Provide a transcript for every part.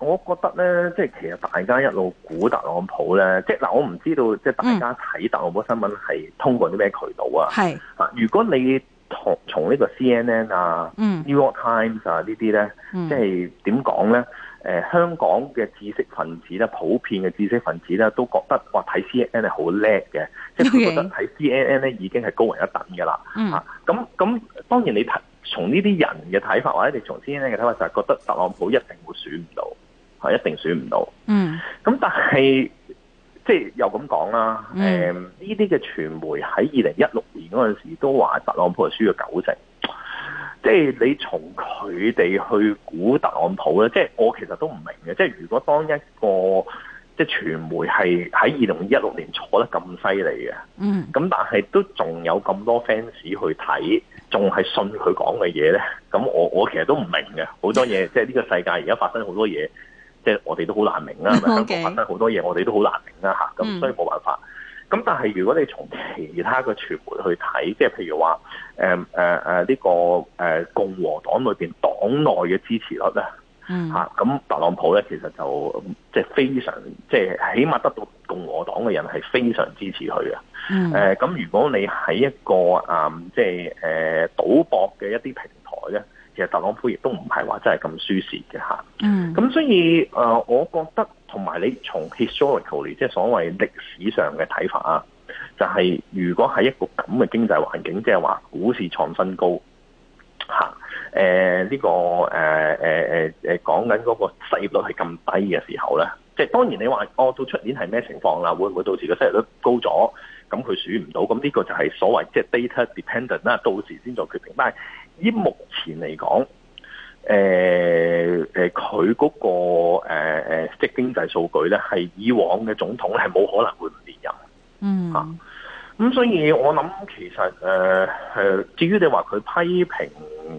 我覺得咧，即係其實大家一路估特朗普咧，即係嗱，我唔知道即係大家睇特朗普新聞係通過啲咩渠道啊？啊是，如果你同從呢個 C N N 啊、嗯、New York Times 啊這些呢啲咧，即係點講咧？誒，香港嘅知識分子咧，普遍嘅知識分子咧，都覺得哇，睇 C N N 係好叻嘅，即係 Okay. 佢覺得睇 C N N 咧已經係高人一等嘅啦。咁咁、嗯啊、當然你睇從呢啲人嘅睇法，或者你從 C N N 嘅睇法，就係、是、覺得特朗普一定會選唔到。係一定選唔到，嗯，咁但係即係又咁講啦，誒，呢啲嘅傳媒喺二零一六年嗰陣時都話特朗普係輸咗九成，即係你從佢哋去估特朗普咧，即係我其實都唔明嘅，即係如果當一個即係傳媒係喺二零一六年錯得咁犀利嘅，嗯，咁但係都仲有咁多 fans 去睇，仲係信佢講嘅嘢咧，咁我我其實都唔明嘅，好多嘢，即係呢個世界而家發生好多嘢。即係我哋都好難明啦、啊，Okay. 香港發生好多嘢，我哋都好難明啦咁、啊、所以冇辦法。咁、嗯、但係如果你從其他嘅傳媒去睇，即、就、係、是、譬如話誒誒誒呢個誒、呃、共和黨裏面黨內嘅支持率咧，咁特朗普咧，其實就即係、就是、非常即係、就是、起碼得到共和黨嘅人係非常支持佢嘅。咁、嗯呃、如果你喺一個誒即係誒賭博嘅一啲平台咧。特朗普亦都唔係話真係咁舒適嘅吓，咁所以誒，我覺得同埋你從 historically 即係所謂歷史上嘅睇法啊，就係、是、如果喺一個咁嘅經濟環境，即係話股市創新高吓，誒、這、呢個誒誒誒誒講緊嗰個失業率係咁低嘅時候咧，即、就、係、是、當然你話我、哦、到出年係咩情況啦？會唔會到時個失業率高咗，咁佢選唔到？咁呢個就係所謂即係、就是、data dependent 啦，到時先做決定，但係。依目前嚟講，誒誒佢嗰個誒、呃、即經濟數據咧，係以往嘅總統係冇可能會唔連任的，嗯嚇、mm. 啊。咁所以我諗其實誒誒、呃，至於你話佢批評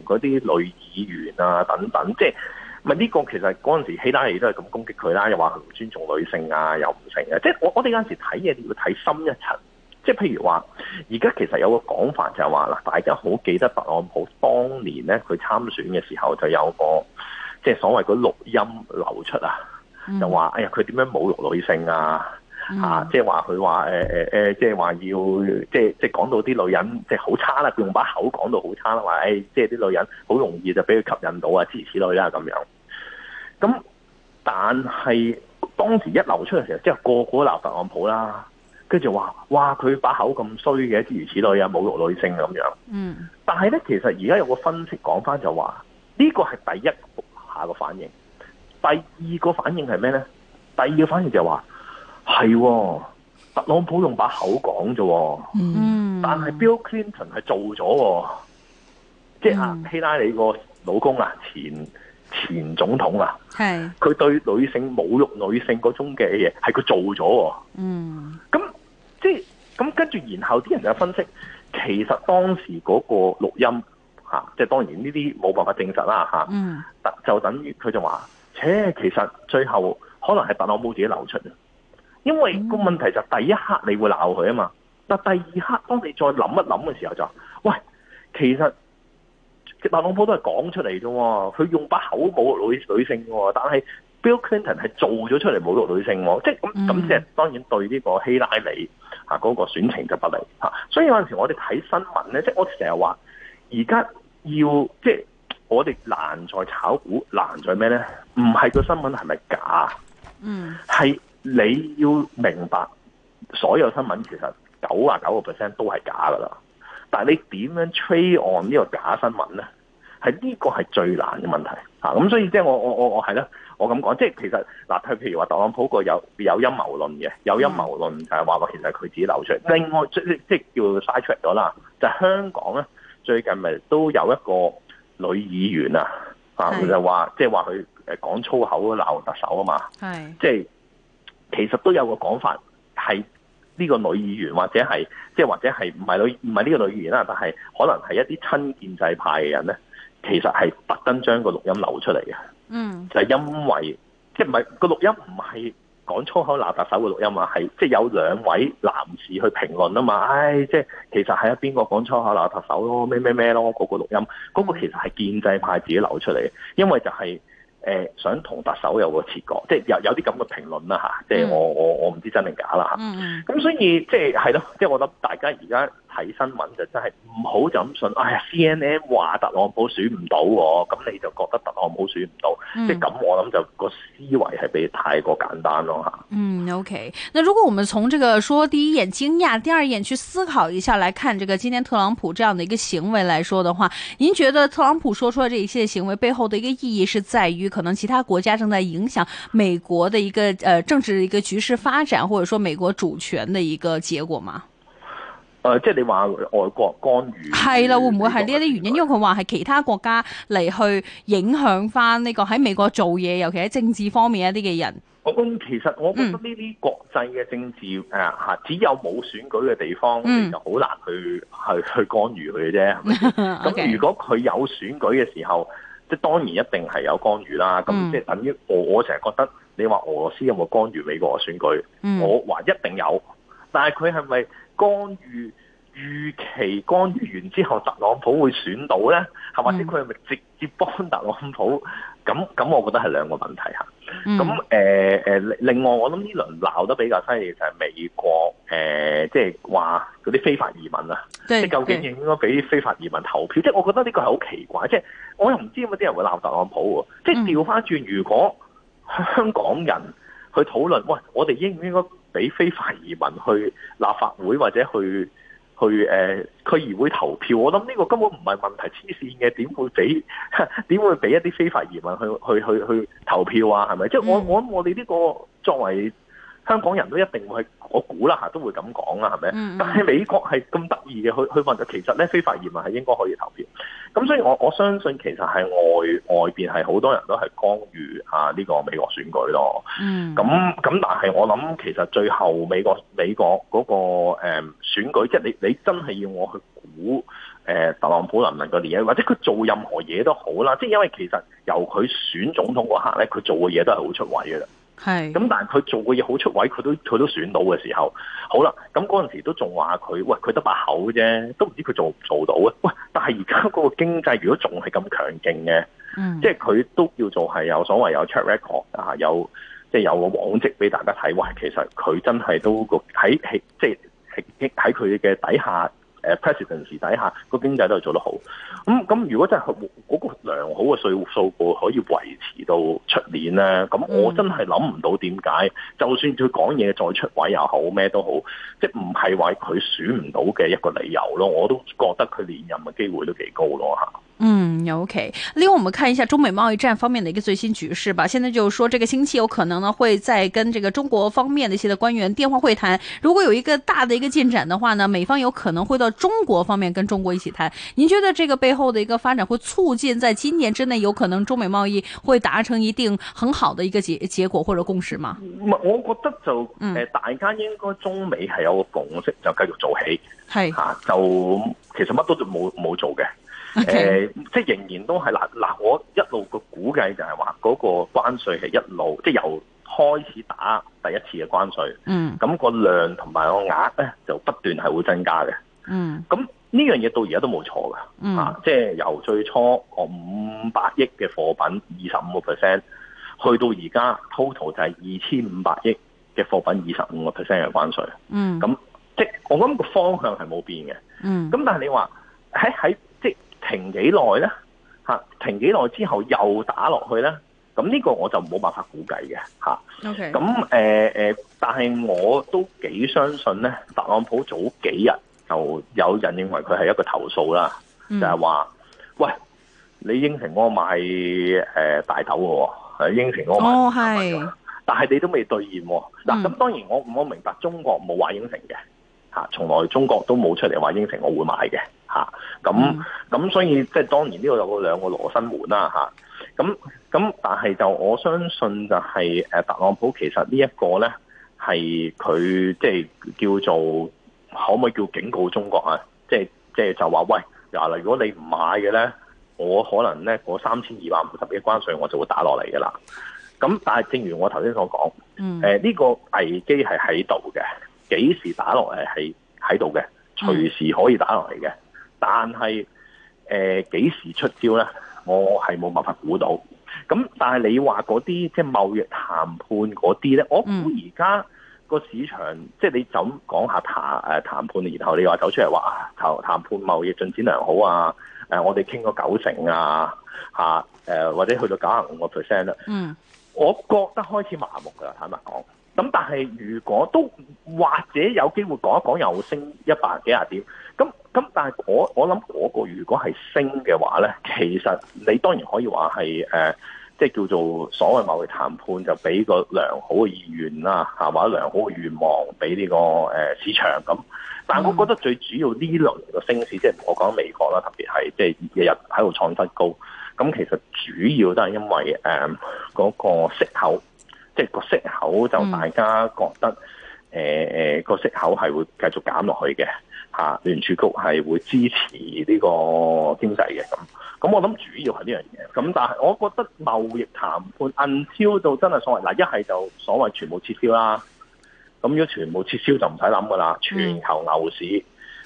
嗰啲女議員啊等等，即係咪呢個其實嗰陣時希拉里都係咁攻擊佢啦，又話佢唔尊重女性啊，又唔成嘅。即係我我哋有陣時睇嘢要睇深一層。即係譬如話，而家其實有個講法就係話啦，大家好記得特朗普當年咧佢參選嘅時候就有個即係所謂個錄音流出啊，就話哎呀佢點樣侮辱女性啊，啊即係話佢話誒誒誒，即係話要即係即係講到啲女人即係好差啦、啊，佢用把口講到好差啦，話誒即係啲女人好容易就俾佢吸引到啊，諸如此類啦、啊、咁樣。咁但係當時一流出嘅時候，即係個個都鬧特朗普啦。跟住話，哇！佢把口咁衰嘅，諸如此類啊，侮辱女性咁樣。嗯。但係咧，其實而家有個分析講翻就話，呢個係第一下個反應。第二個反應係咩咧？第二個反應就係話，係特朗普用把口講咗。嗯。但係 Bill Clinton 係做咗，即係啊，希拉里個老公啊，前前總統啊。係。佢對女性侮辱女性嗰種嘅嘢，係佢做咗。嗯。咁。即係咁，跟住然後啲人就分析，其實當時嗰個錄音，即係當然呢啲冇辦法證實啦、嗯、就等於佢就話：，切，其實最後可能係特朗普自己流出，因為個問題就第一刻你會鬧佢啊嘛，嗯、但第二刻當你再諗一諗嘅時候就話：，喂，其實特朗普都係講出嚟啫，佢用把口侮辱女女性喎，但係 Bill Clinton 係做咗出嚟侮辱女性喎，即係咁咁即係當然對呢個希拉里。啊！嗰個選情就不利嚇，所以有陣時我哋睇新聞咧，即係我成日話，而家要即係我哋難在炒股難在咩咧？唔係個新聞係咪假？嗯，係你要明白所有新聞其實九啊九個 percent 都係假噶啦，但係你點樣 trade on 呢個假新聞咧？係呢個係最難嘅問題嚇，咁所以即係我我我我係咧。我咁講，即係其實嗱，佢譬如話特朗普個有有陰謀論嘅，有陰謀論就係話話其實佢自己流出嚟。嗯、另外即即即叫晒出嚟咗啦。就、就係、香港咧最近咪都有一個女議員啊，啊是就、就係、佢就話即係話佢誒講粗口鬧特首啊嘛，即係是其實都有個講法係呢個女議員或者係即係或者係唔係女唔係呢個女議員啦，但係可能係一啲親建制派嘅人咧，其實係特登將個錄音流出嚟嘅。嗯，就係因為即唔係個錄音唔係講粗口鬧特首嘅錄音嘛，係即有兩位男士去評論啊嘛，唉，即其實係一邊個講粗口鬧特首咯，咩咩咩咯，嗰個錄音嗰個其實係建制派自己流出嚟嘅，因為就係。.誒、呃，想同特首有個切角，即係有有啲咁嘅評論啦吓，即係我我我唔知真定假啦吓，嗯，咁所以即係係咯，即係我諗大家而家睇新聞就真係唔好就咁信。哎呀，C N N 話特朗普選唔到，咁你就覺得特朗普選唔到，嗯、即係咁我諗就個思維係比你太過簡單咯吓，嗯，OK。那如果我們從這個說第一眼驚訝，第二眼去思考一下來看這個今天特朗普這樣的一個行為來說的話，您覺得特朗普說出來這一切行為背後的一個意義是在於可能其他國家正在影響美國的一個，呃，政治一個局勢發展，或者說美國主權的一個結果嘛？誒、呃，即係你話外國干預係啦，會唔會係呢一啲原因？因為佢話係其他國家嚟去影響翻呢個喺美國做嘢，尤其喺政治方面一啲嘅人。咁、嗯、其實我覺得呢啲國際嘅政治，誒吓，只有冇選舉嘅地方，嗯、就好難去去去干預佢嘅啫。咁 Okay 如果佢有選舉嘅時候。即係當然一定係有干預啦，咁、嗯、即係等於我我成日覺得你話俄羅斯有冇干預美國嘅選舉，嗯、我話一定有，但係佢係咪干預預期干預完之後特朗普會選到呢？係咪？或者佢係咪直接幫特朗普？咁咁，我覺得係兩個問題吓。咁誒誒，另外我諗呢輪鬧得比較犀利就係美國誒、呃，即係話嗰啲非法移民啊，即究竟應該俾非法移民投票？即係我覺得呢個係好奇怪，即係。我又唔知有冇啲人會鬧特朗普喎，即係調返轉，如果香港人去討論，喂，我哋應唔應該俾非法移民去立法會或者去去誒、呃、區議會投票？我諗呢個根本唔係問題，黐線嘅點會俾點 會俾一啲非法移民去去去去投票啊？係咪？即係我我諗我哋呢個作為。香港人都一定會係我估啦嚇，都會咁講啊，係咪？嗯、但係美國係咁得意嘅，去去問，其實咧非法移民係應該可以投票。咁所以我我相信其實係外外邊係好多人都係干預啊呢個美國選舉咯。咁咁、嗯、但係我諗其實最後美國美國嗰個誒、嗯、選舉，即係你你真係要我去估誒、呃、特朗普能唔能夠贏，或者佢做任何嘢都好啦。即係因為其實由佢選總統嗰刻咧，佢做嘅嘢都係好出位嘅啦。係，咁是但係佢做嘅嘢好出位，佢都佢都選到嘅時候，好啦，咁嗰陣時都仲話佢，喂，佢得把口啫，都唔知佢做唔做到嘅。喂，但係而家嗰個經濟如果仲係咁強勁嘅，嗯，即係佢都叫做係有所謂有 track record 啊，即有即係有個往績俾大家睇，喂，其實佢真係都喺即係喺喺佢嘅底下。誒 presidency 底下、嗰個經濟都係做得好，咁咁如果真係嗰個良好嘅稅數，過可以維持到出年咧，咁我真係諗唔到點解，mm. 就算佢講嘢再出位又好咩都好，即係唔係話佢選唔到嘅一個理由咯？我都覺得佢連任嘅機會都幾高咯吓。嗯，OK。另外，我們看一下中美貿易戰方面的一個最新局勢吧。現在就說，這個星期有可能呢會再跟這個中國方面的一些官員電話會談。如果有一個大的一個進展的話呢，美方有可能會到中國方面跟中國一起談。您覺得這個背後的一個發展會促進在今年之內有可能中美貿易會達成一定很好的一個結結果或者共識嗎？唔，我覺得就、呃嗯、大家應該中美係有個共識就繼續做起，係是、啊、就其實乜都都冇冇做嘅。誒 Okay.、啊，即係仍然都係嗱嗱，我一路個估計就係話嗰個關稅係一路，即係由開始打第一次嘅關稅，嗯，咁個量同埋個額咧就不斷係會增加嘅，嗯、mm.，咁呢樣嘢到而家都冇錯噶，即係由最初我五百億嘅貨品二十五個 percent，去到而家 total 就係二千五百億嘅貨品二十五個 percent 嘅關稅，mm. 嗯，咁即係我諗個方向係冇變嘅，嗯、mm.，咁但係你話喺喺。停幾耐呢？停幾耐之後又打落去呢？咁呢個我就冇辦法估計嘅。咁但係我都幾相信呢，特朗普早幾日就有人認為佢係一個投訴啦，就係、是、話：喂，你應承我買大豆嘅喎，應承我買，呃我買哦、但係你都未兌現、哦。嗱、嗯，咁、啊、當然我我明白中國冇話應承嘅。吓，從來中國都冇出嚟話應承我會買嘅，嗯，吓，咁咁所以即係當然呢個有個兩個羅生門啦，吓，啊、咁、啊、咁、啊啊，但係就我相信就係、是、誒、啊、特朗普其實呢一個咧係佢即係叫做可唔可以叫警告中國啊？即係即係就話喂，嗱如果你唔買嘅咧，我可能咧嗰三千二百五十億關稅我就會打落嚟噶啦。咁、啊、但係正如我頭先所講，誒、啊、呢、這個危機係喺度嘅。幾時打落嚟，係喺度嘅，隨時可以打落嚟嘅。嗯、但係誒，幾、呃、時出招呢？我係冇辦法估到。咁但係你話嗰啲即係貿易談判嗰啲呢？我估而家個市場即係、嗯、你噉講下談誒談判，然後你話走出嚟話談判貿易進展良好啊？誒，我哋傾咗九成啊吓，誒或者去到九十五個 percent 啦。嗯，我覺得開始麻木㗎，坦白講。咁但係如果都或者有機會講一講，又升一百幾廿點。咁咁但係我我諗嗰個如果係升嘅話咧，其實你當然可以話係、呃、即係叫做所謂貿易談判就俾個良好嘅意願啦，嚇或者良好嘅願望俾呢、呢個、呃、市場咁。但係我覺得最主要呢輪嘅升市，即係、嗯、我講美國啦，特別係即係日日喺度創新高，咁其實主要都係因為嗰、呃嗰個息口。即係個息口就大家覺得，誒誒個息口係會繼續減落去嘅吓，啊、聯儲局係會支持呢個經濟嘅咁，咁我諗主要係呢樣嘢。咁但係我覺得貿易談判暗超就真係所謂嗱，一係就所謂全部撤銷啦。咁如果全部撤銷就唔使諗噶啦，全球牛市。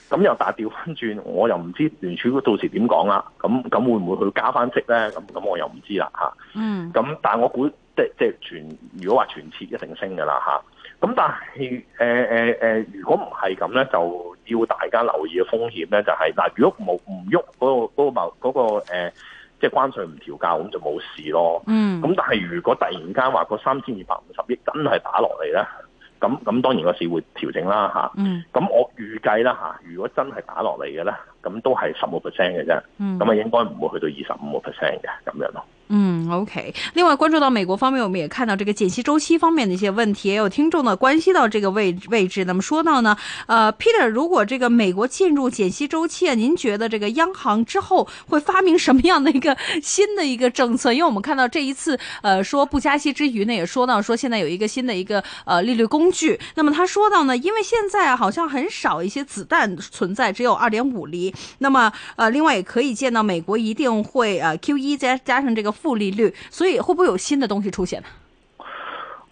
咁、嗯、又但係調翻轉，我又唔知聯儲局到時點講啦。咁咁會唔會去加翻息咧？咁咁我又唔知啦吓。啊、嗯。咁但係我估。即即全如果話全設一定升㗎啦嚇，咁但係誒誒如果唔係咁咧，就要大家留意嘅風險咧，就係嗱，如果冇唔喐嗰個嗰個某即個、呃、關關稅唔調教咁就冇事咯。嗯，咁但係如果突然間話個三千二百五十億真係打落嚟咧，咁咁當然個市會調整啦嚇。嗯，咁我預計啦嚇，如果真係打落嚟嘅咧。咁都係十五 percent 嘅啫，咁啊，應該唔會去到二十五個 percent 嘅咁樣咯，嗯。嗯，OK。另外關注到美國方面，我們也看到這個減息周期方面的一些問題，也有聽眾呢關係到這個位置位置。那麼說到呢，呃，Peter，如果這個美國進入減息周期，啊，您覺得這個央行之後會發明什麼樣的一個新的一個政策？因為我們看到這一次，呃，說不加息之餘呢，也說到說現在有一個新的一個呃利率工具。那麼他說到呢，因為現在好像很少一些子彈存在，只有二點五厘。那麼，呃，另外也可以見到美國一定會，呃，QE 再加上這個負利率，所以會不會有新的東西出現呢？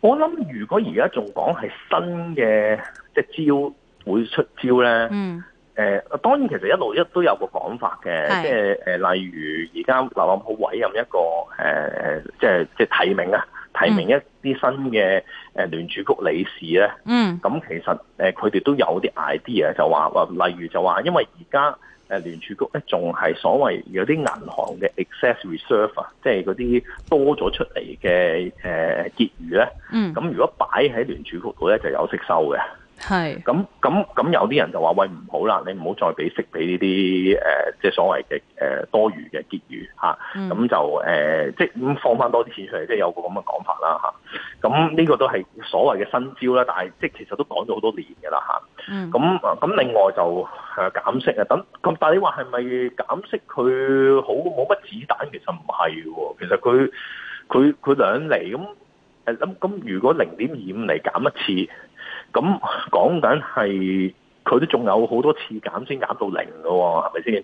我諗如果而家仲講係新嘅，即係招會出招呢？嗯，誒、呃，當然其實一路一都有一個講法嘅，是 即係、呃，例如而家特朗普委任一個，誒、呃，即係即係提名啊，提名一啲新嘅，誒，聯儲局理事呢。嗯，咁、嗯、其實，誒、呃，佢哋都有啲 idea 就話，話例如就話，因為而家。誒聯儲局咧，仲係所謂有啲銀行嘅 excess reserve 啊，即係嗰啲多咗出嚟嘅誒結餘咧。嗯。咁如果擺喺聯儲局度咧，就有息收嘅。係咁咁咁有啲人就話，喂，唔好啦，你唔好再俾息俾呢啲誒，即係所謂嘅誒多餘嘅結餘吓，咁、啊嗯、就誒、呃、即係咁放翻多啲錢出嚟，即係有個咁嘅講法啦吓。咁、啊、呢、啊這個都係所謂嘅新招啦，但係即係其實都講咗好多年噶啦吓。咁、啊、咁、嗯、另外就誒減、呃、息啊，等咁但係你話係咪減息佢好冇乜子彈？其實唔係嘅，其實佢佢佢兩厘咁誒咁咁如果零點二五厘減一次。咁講緊係佢都仲有好多次減先減到零㗎喎、哦，係咪先？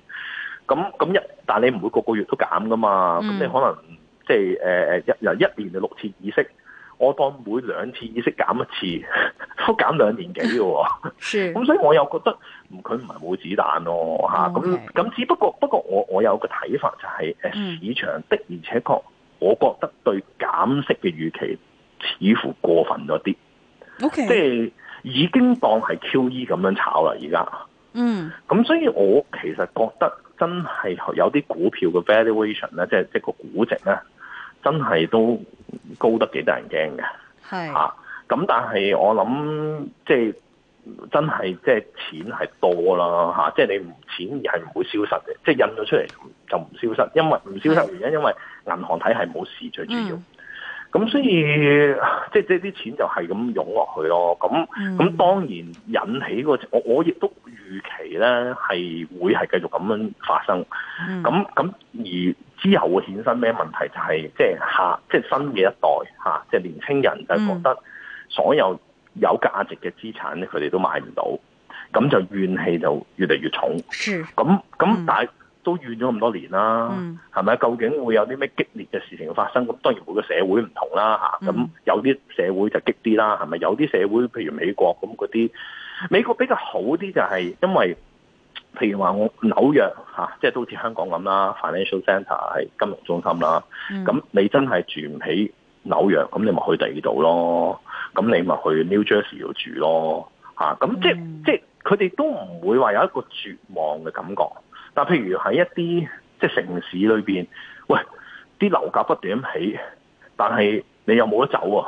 咁咁一，但你唔會個個月都減㗎嘛？咁、嗯、你可能即係誒一由一年就六次議息，我當每兩次議息減一次， 都減兩年幾㗎喎。咁 所以我又覺得佢唔係冇子彈咯嚇。咁咁只不過不過我我有個睇法就係、是嗯、市場的而且確，我覺得對減息嘅預期似乎過分咗啲。Okay, 即係已經當係 QE 咁樣炒啦，而家嗯，咁所以我其實覺得真係有啲股票嘅 valuation 咧、即係，即係即係個估值咧，真係都高得幾得人驚嘅。係是啊，咁但係我諗即係真係即係錢係多啦吓，即、啊、係、即係、你唔錢係唔會消失嘅，即、就、係、是、印咗出嚟就唔消失，因為唔消失原因是因為銀行體系冇事最主要、嗯。咁所以、mm hmm. 即係即係啲錢就係咁湧落去咯，咁咁、mm hmm. 當然引起個我我亦都預期咧係會係繼續咁樣發生，咁咁、mm hmm. 而之後會衍生咩問題、就係，就係即係下即係新嘅一代即係年輕人就覺得所有有價值嘅資產咧，佢哋都買唔到，咁就怨氣就越嚟越重。咁咁、mm hmm. 但、mm hmm. 都怨咗咁多年啦，係咪、嗯？究竟會有啲咩激烈嘅事情發生？咁當然每個社會唔同啦咁、嗯、有啲社會就激啲啦，係咪？有啲社會譬如美國咁嗰啲美國比較好啲，就係因為譬如話我紐約、啊、即係都好似香港咁啦，Financial Center 係金融中心啦。咁、嗯、你真係住唔起紐約，咁你咪去第二度咯。咁你咪去 New Jersey 度住咯嚇。咁、啊、即、嗯、即佢哋都唔會話有一個絕望嘅感覺。啊，譬如喺一啲即係城市裏邊，喂，啲樓價不斷咁起，但係你又冇得走、啊，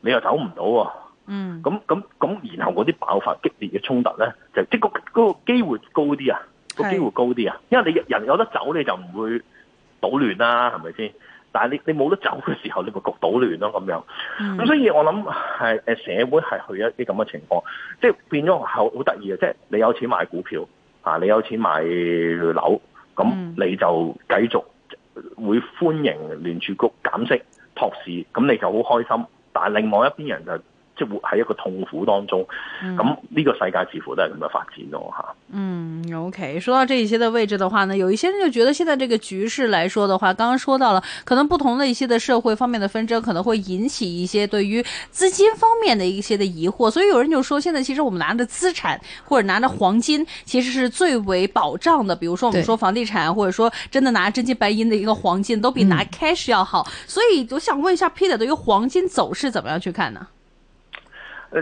你又走唔到、啊，嗯，咁咁咁，咁咁然後嗰啲爆發激烈嘅衝突咧，就即個嗰個機會高啲啊，嗰個機會高啲啊，是因為你人有得走你就唔會搗亂啦、啊，係咪先？但係你你冇得走嘅時候，你咪焗搗亂咯、啊、咁樣。咁、嗯、所以我諗係誒社會係去一啲咁嘅情況，即、就、係、是、變咗係好得意嘅，即係、就是、你有錢買股票。嗱，你有錢買樓，咁你就繼續會歡迎聯儲局減息托市，咁你就好開心。但係另外一邊人就是，就係活喺一個痛苦當中，咁呢、嗯、個世界似乎都係咁樣發展咯哈嗯，OK，說到這一些的位置的話呢，有一些人就覺得現在這個局勢來說的話，剛剛說到了，可能不同的一些的社會方面的紛爭可能會引起一些對於資金方面的一些的疑惑，所以有人就說，現在其實我們拿着資產或者拿着黃金，其實是最為保障的。比如說我們說房地產，對或者說真的拿真金白銀的一個黃金，都比拿 cash 要好。嗯、所以我想問一下 Peter，對於黃金走勢，怎麼樣去看呢？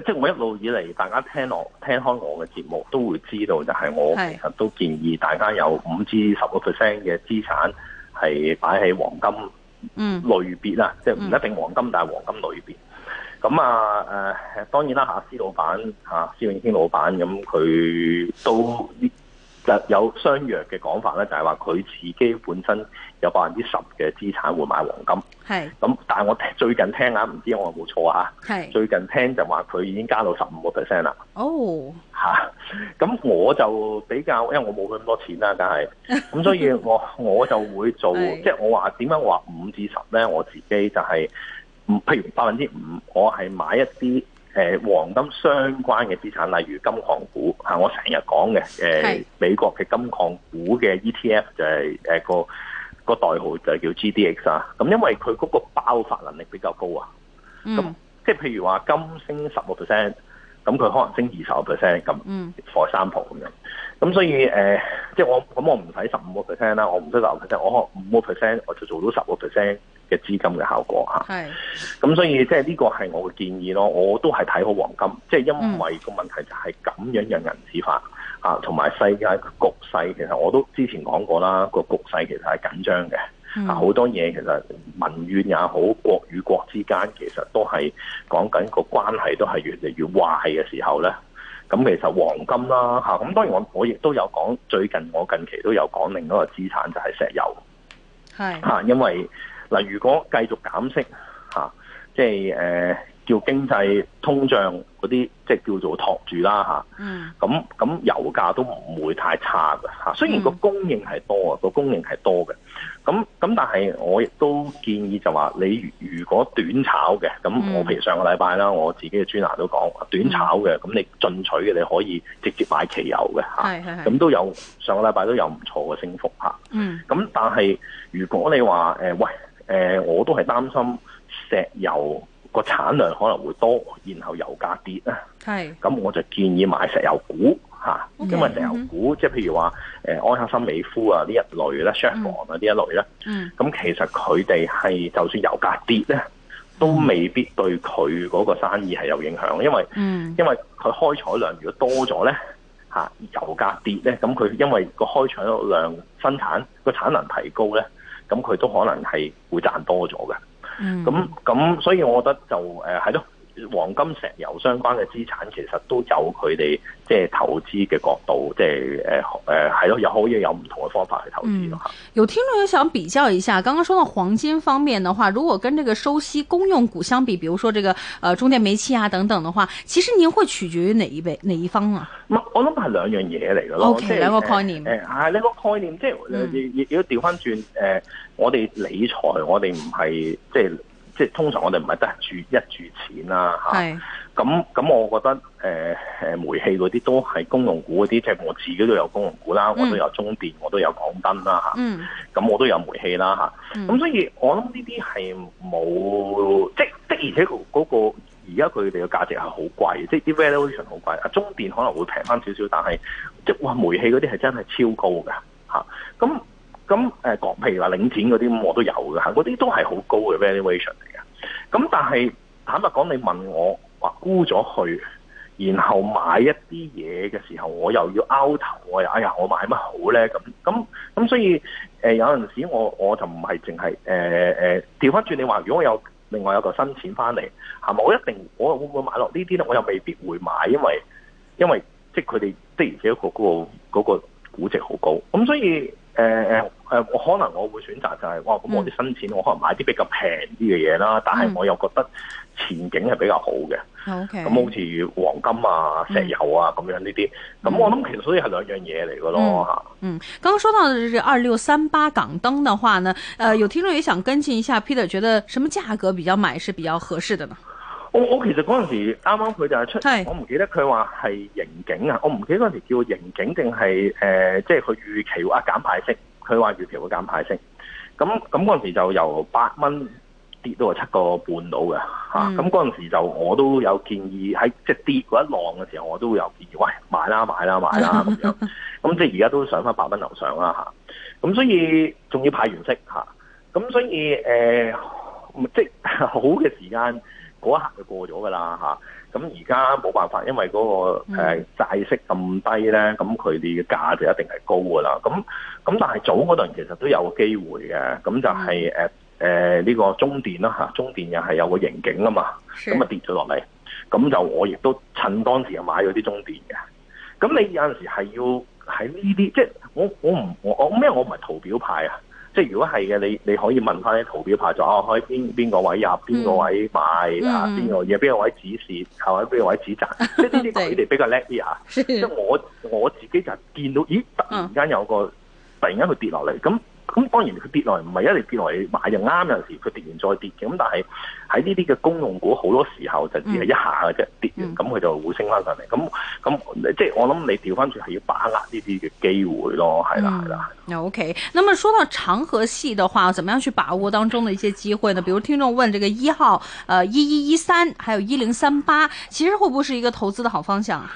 即係我一路以嚟，大家聽落聽開我嘅節目，都會知道就係我其實都建議大家有五至十個 percent 嘅資產係擺喺黃金類別啦，嗯嗯、即係唔一定黃金，但係黃金類別。咁啊誒，當然啦，啊、嚇，施老闆嚇施永青老闆咁，佢都有相若嘅講法咧，就係話佢自己本身，有百分之十嘅資產會買黃金，係咁是，但係我最近聽下，唔知我有冇錯啊？係是最近聽就話佢已經加到十五個 percent 啦。哦，嚇、oh！咁、啊、我就比較，因為我冇咁多錢啦，梗係咁，所以我 我就會做，即係是我話點樣話五至十咧？我自己就係、是、唔，譬如百分之五，我係買一啲誒黃金相關嘅資產，例如金礦股，係我成日講嘅誒美國嘅金礦股嘅 ETF，就係誒個。呃個代號就係叫 GDX 啊，咁因為佢嗰個爆發能力比較高啊，咁、嗯、即係譬如話金升十個 percent，咁佢可能升二十個 percent 咁，兩三倍咁樣，咁、嗯、所以誒、呃，即係我咁我唔使十五個 percent 啦，我唔需要十個 percent，我可五個 percent 我就做到十個 percent 嘅資金嘅效果嚇、啊，咁是所以即係呢個係我嘅建議咯，我都係睇好黃金，即係因為個問題就係咁樣讓銀紙化。啊，同埋世界局勢，其實我都之前講過啦，個局勢其實係緊張嘅。啊、嗯，好多嘢其實民怨也好，國與國之間其實都係講緊個關係都係越嚟越壞嘅時候咧。咁其實黃金啦，嚇，咁當然我我亦都有講，最近我近期都有講另一個資產就係石油。係嚇，因為嗱，如果繼續減息，即係誒。叫經濟通脹嗰啲，即係叫做托住啦吓，咁咁油價都唔會太差嘅吓。雖然個供應係多啊，個、嗯、供應係多嘅。咁咁但係我亦都建議就話，你如果短炒嘅，咁我譬如上個禮拜啦，我自己嘅專欄都講，嗯、短炒嘅，咁你進取嘅，你可以直接買期油嘅吓。係係。咁、嗯、都有上個禮拜都有唔錯嘅升幅嗯。咁但係如果你話、欸、喂、欸、我都係擔心石油。個產量可能會多，然後油價跌啊，咁是我就建議買石油股 okay, 因為石油股即係譬如話，安克森美孚啊呢一類咧 Shell 啊呢一類咧，咁、嗯、其實佢哋係就算油價跌咧，嗯、都未必對佢嗰個生意係有影響，因為、嗯、因為佢開採量如果多咗咧嚇，油價跌咧，咁佢因為個開採量生產個產能提高咧，咁佢都可能係會賺多咗嘅。嗯，咁咁，所以我覺得就誒係咯。黃金、石油相關嘅資產，其實都有佢哋即係投資嘅角度，即係誒誒係咯，又可以有唔同嘅方法去投資咯、嗯。有聽眾有想比較一下，剛剛說到黃金方面的話，如果跟這個收息公用股相比，比如說這個誒、呃、中電煤氣啊等等的話，其實你會取決於哪一邊哪一方啊？唔，我諗係兩樣嘢嚟嘅咯，ok 兩個概念。誒係、呃，兩、呃、個、啊、概念，即係你你如果調翻轉誒，我哋理財，我哋唔係即係。即係通常我哋唔係得住一住錢啦，咁咁我覺得誒誒、呃、煤氣嗰啲都係公用股嗰啲，即、就、係、是、我自己都有公用股啦，嗯、我都有中電，我都有港燈啦咁、嗯啊、我都有煤氣啦咁、嗯啊、所以我諗呢啲係冇即即而且嗰個而家佢哋嘅價值係好貴，即係啲 valuation 好貴，啊中電可能會平返少少，但係即係哇煤氣嗰啲係真係超高㗎咁。啊咁誒，譬、呃、如話領展嗰啲，咁我都有嘅嚇，嗰啲都係好高嘅 valuation 嚟嘅。咁但係坦白講，你問我話沽咗去，然後買一啲嘢嘅時候，我又要 out 頭，我又哎呀，我買乜好咧？咁咁咁，所以、呃、有陣時我我就唔係淨係誒誒調翻轉你話，如果我有另外有個新錢翻嚟，係咪我一定我會唔會買落呢啲咧？我又未必會買，因為因為即係佢哋的而且確嗰、嗰個嗰、嗰個嗰個估值好高，咁所以。誒誒誒，我、呃呃呃、可能我會選擇就係、是、哇，咁我啲新錢，我可能買啲比較平啲嘅嘢啦，嗯、但係我又覺得前景係比較好嘅。OK，咁、嗯、好似黃金啊、石油啊咁、嗯、樣呢啲，咁我諗其實所以係兩樣嘢嚟嘅咯嚇、嗯。嗯，剛剛講到二六三八港燈嘅話呢，嗯、呃，有聽眾也想跟進一下 Peter，覺得什麼價格比較買是比較合適的呢？我我其實嗰陣時啱啱佢就係出，我唔記得佢話係盈警啊，是的 我唔記得嗰陣時叫盈警定係誒，即係佢預期話減派息，佢話預期會減派息。咁咁嗰陣時就由八蚊跌到啊七個半到嘅嚇，咁嗰陣時就我都有建議喺即係跌嗰一浪嘅時候，我都有建議，喂買啦買啦買啦咁樣。咁 即係而家都上翻八蚊樓上啦嚇。咁所以仲要派完息嚇，咁所以誒，即係好嘅時間。嗰一刻就過咗噶啦嚇，咁而家冇辦法，因為嗰、嗰個誒、呃、債息咁低咧，咁佢哋嘅價就一定係高噶啦。咁咁但係早嗰段其實都有機會嘅，咁就係、是、呢、嗯呃呢個中電啦嚇，中電又係有個形景啊嘛，咁啊跌咗落嚟，咁就，就我亦都趁當時啊買咗啲中電嘅。咁你有陣時係要喺呢啲，即係我我唔我我咩？我唔係圖表派啊！即係如果係嘅，你你可以問翻啲圖表派咗可以邊邊個位入，邊個位買啊，邊個嘢，邊個位置指示，係咪邊個位指賺？嗯、即係呢啲佢哋比較叻啲呀。 即係我我自己就見到，咦，突然間有個突然間佢跌落嚟咁。咁當然佢跌落嚟唔係一嚟跌落嚟買就啱，有時佢跌完再跌嘅。咁但係喺呢啲嘅公用股好多時候就只係一下嘅啫，跌完咁佢就會升翻上嚟。咁咁、嗯、即係我諗你調翻轉係要把握呢啲嘅機會咯，係啦係啦 OK，咁麼說到長河系嘅話，怎麼樣去把握當中嘅一些機會呢？比如聽眾問這個一號、呃一一一三，還有一零三八，其實會唔會是一個投資的好方向？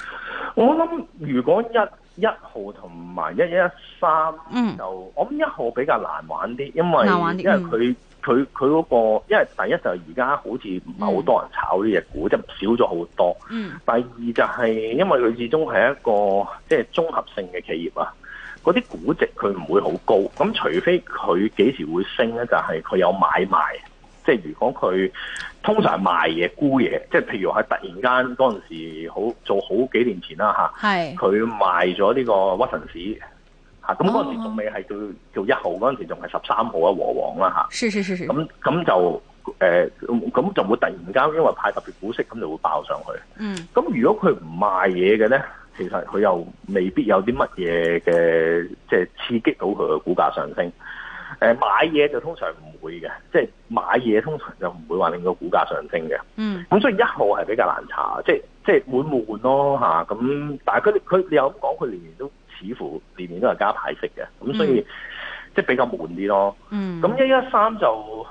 我諗如果一一號同埋一一三，就我諗一號比較難玩啲，因為因為佢佢佢嗰個，因為第一就係而家好似唔係好多人炒呢隻股，即係、嗯、少咗好多。嗯，第二就係因為佢始終係一個即係、就是、綜合性嘅企業啊，嗰啲估值佢唔會好高，咁除非佢幾時會升咧，就係、是、佢有買賣。即係如果佢通常賣嘢沽嘢，即係譬如喺係突然間嗰陣時好做好幾年前啦嚇，佢是賣咗呢個屈臣氏嚇，咁嗰陣時仲未係叫做一號，嗰陣時仲係十三號和黃啊和黃啦嚇，咁咁就咁、呃、就會突然間因為派特別股息咁就會爆上去，嗯，咁如果佢唔賣嘢嘅咧，其實佢又未必有啲乜嘢嘅即係刺激到佢嘅股價上升。誒，買嘢，就通常唔會嘅，即、就、係、是、買嘢通常就唔會話令到股價上升嘅。嗯，咁所以一號係比較難查，即係即係會唔，咯吓？咁、啊、但係佢佢你又咁講，佢年年都似乎年年都係加派息嘅，咁所以、嗯、即係比較悶啲咯。嗯，咁一一三就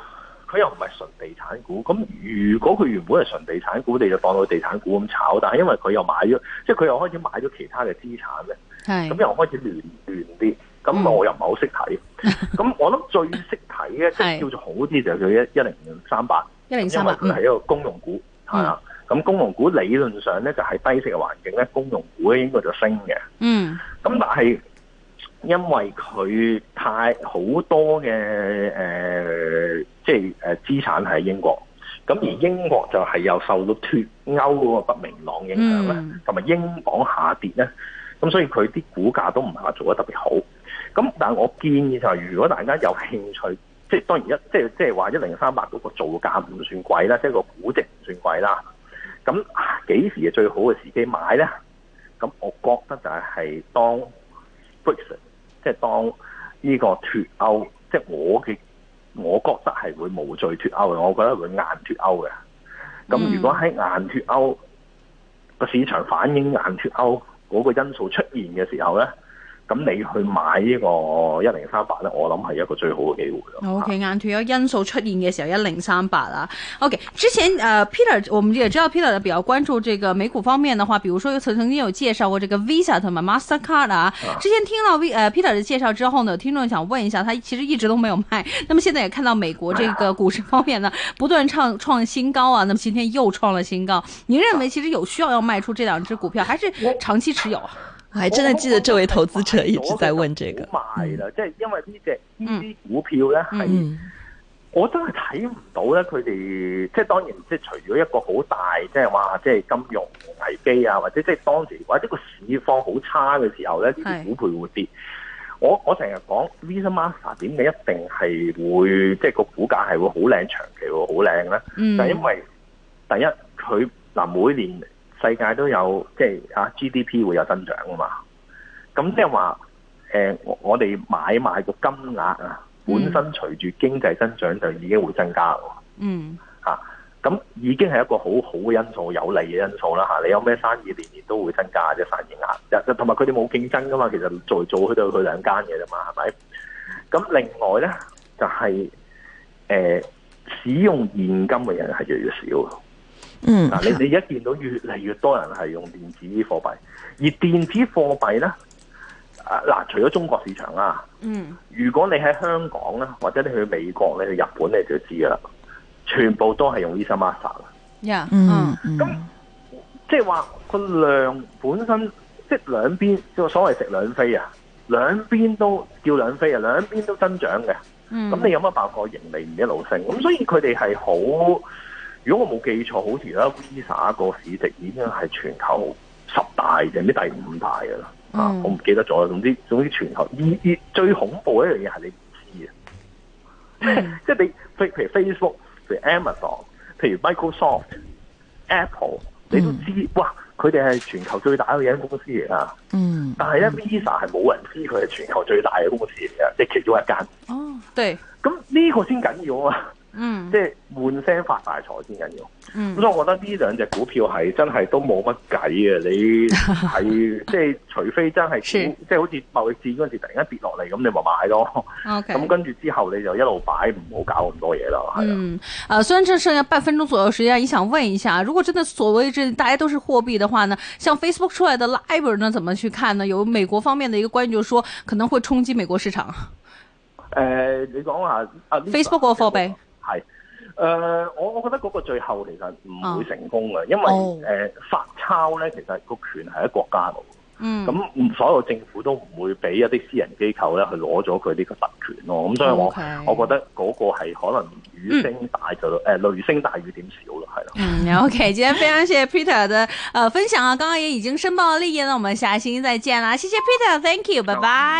佢又唔係純地產股，咁如果佢原本係純地產股，你就當到地產股咁炒，但係因為佢又買咗，即係佢又開始買咗其他嘅資產嘅，咁又開始亂亂啲。咁、嗯、我又唔係好識睇，咁我諗最識睇嘅，即係叫做好啲是，就係佢一一零零三八，因為佢係一個公用股，係啊、嗯，咁公用股理論上咧就係、是、低息嘅環境咧，公用股咧應該就升嘅。嗯，咁但係因為佢太好多嘅即係資產喺英國，咁而英國就係又受到脱歐嗰個不明朗影響咧，同埋、嗯、英鎊下跌咧，咁所以佢啲股價都唔係話做得特別好。咁但係我建議就係，如果大家有興趣，即係當然一即係即係話一零三八嗰個造價唔算貴啦，即係個估值唔算貴啦。咁幾時係最好嘅時機買呢？咁我覺得就係當即係當呢個脱歐，即係我嘅，我覺得係會無罪脱歐嘅，我覺得會硬脱歐嘅。咁如果喺硬脱歐個市場反映硬脱歐嗰個因素出現嘅時候呢。咁你去買個呢個一零三八咧，我諗係一個最好嘅機會咯、okay，嗯。O K，硬脱咗因素出現嘅時候，一零三八啦。O K，之前呃 Peter，我們也知道 Peter 比較關注這個美股方面的話，比如說有曾曾經有介紹過這個 Visa 同埋 Mastercard 啊。之前聽到 V Peter 嘅介紹之後呢，聽眾想問一下，他其實一直都沒有賣。那麼現在也看到美國這個股市方面呢，不斷創創新高啊，那麼今天又創了新高。你認為其實有需要要賣出這兩隻股票，還是長期持有？我還真係記得，這位投資者一直在問這個。賣啦，即係、嗯、因為呢隻呢啲股票咧，係我真係睇唔到咧，佢哋即係當然，即係除咗一個好大，即係話即係金融危機啊，或者即係當時或者個市況好差嘅時候咧，呢啲股配會跌是。我我成日講 Visa Master 點解一定係會，即係個股價係會好靚，長期會好靚咧。就、嗯、因為第一佢嗱每年。世界都有即係啊 GDP 會有增長啊嘛，咁即係話誒我哋買賣個金額啊本身隨住經濟增長就已經會增加，嗯吓，咁已經係一個好好嘅因素，有利嘅因素啦吓、啊，你有咩生意年年都會增加嘅生意額，又同埋佢哋冇競爭噶嘛，其實再做，做都去到佢兩間嘢啫嘛係咪？咁另外咧就係、是、誒、呃、使用現金嘅人係越嚟越少。嗯，嗱，你一而家見到越嚟越多人係用電子貨幣，而電子貨幣咧，嗱、呃，除咗中國市場啦、啊，嗯，如果你喺香港啦，或者你去美國，你去日本，你就要知噶啦，全部都係用 Visa Master 啦，嗯、yeah, 嗯，咁即係話個量本身，即係兩邊叫所謂食兩飛啊，兩邊都叫兩飛啊，兩邊都增長嘅，嗯，咁你有乜辦法盈利唔一路升，咁所以佢哋係好。如果我冇記錯，好似而家 Visa 個市值已經係全球十大定唔第五大嘅啦。啊，mm. 我唔記得咗。總之總之，全球最恐怖一樣嘢係你唔知啊。Mm. 即係你，譬如 Facebook，譬如 Amazon，譬如 Microsoft、Apple，你都知、mm. 哇，佢哋係全球最大嘅一間公司嚟噶。嗯。Mm. 但係咧，Visa 係冇人知佢係全球最大嘅公司嚟噶，即係其中一間。哦，oh, 對。咁呢個先緊要啊！嗯，即係悶聲發大財先緊要。嗯，咁所以我覺得呢兩隻股票係真係都冇乜計嘅。你係 即係除非真係是即係好似貿易戰嗰陣時突然間跌落嚟咁，你咪買咯。O K. 咁跟住之後你就一路擺，唔好搞咁多嘢啦。係、嗯、啊。誒，雖然這，剩下半分鐘左右時間，你想問一下，如果真的所謂是大家都是貨幣的話呢？像 Facebook 出來的 Libra 呢，怎麼去看呢？有美國方面的一個關係，就是說可能會衝擊美國市場。誒、哎，你講下 Facebook 嗰個貨幣。係，誒，我、呃、我覺得嗰個最後其實唔會成功嘅，啊、因為誒發鈔咧，其實個權係喺國家度，嗯，咁所有政府都唔會俾一啲私人機構咧去攞咗佢呢個特權咯，咁、嗯、所以我 okay, 我覺得嗰個係可能雨聲大咗，誒、嗯呃、雷聲大雨點小咯，係咯。嗯、o、okay, k 今天非常謝謝 Peter 的誒分享啊， 剛剛也已經申報了利益啦，我們下期再見啦，謝謝 Peter，Thank you，拜拜。嗯